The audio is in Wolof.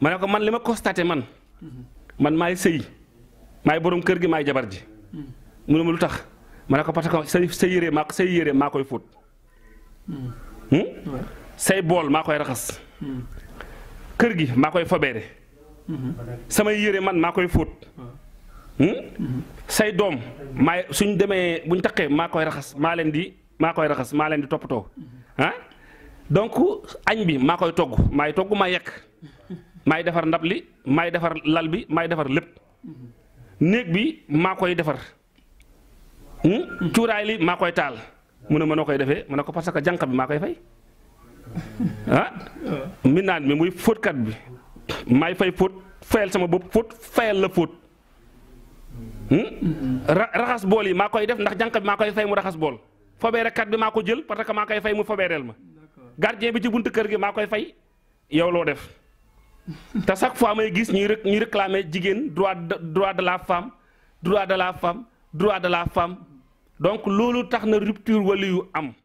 ma ne ko man li ma constaté man man maay sëy maay borom kër gi maay jabar ji mu ne ma lu tax ma ne ko parce que say say yére maa say yére maa koy fóot hmm? say bool maa koy raxas kër gi maa koy fobeere samay yére man maa koy fóot hmm? say doom maay suñ demee buñ taqee maa koy raxas maa leen di maa koy raxas maa leen di toppatoo hmm? ah donc añ bi maa koy togg maay togg maa yekk maay defar ndab li maay defar lal bi maay defar lépp néeg bi maa koy defar hmm? cuuraay li maa koy taal mu ne ma koy defee mu ne ko parce que jànq bi maa koy fay ah mi naan bi muy fóotkat bi maay fay fóot fayal sama bopp fóot fayal la fóot hmm? raxas bool yi maa koy def ndax jànq bi maa koy fay mu raxas bool fobeerekat bi maa ko jël parce que maa koy fay mu fobeereel ma gardien bi ci buntu kër gi maa koy fay yow loo def te chaque fois may gis ñuy rek ñuy réclamer jigéen droit droit de la femme droit de la femme droit de la femme donc loolu tax na rupture wala am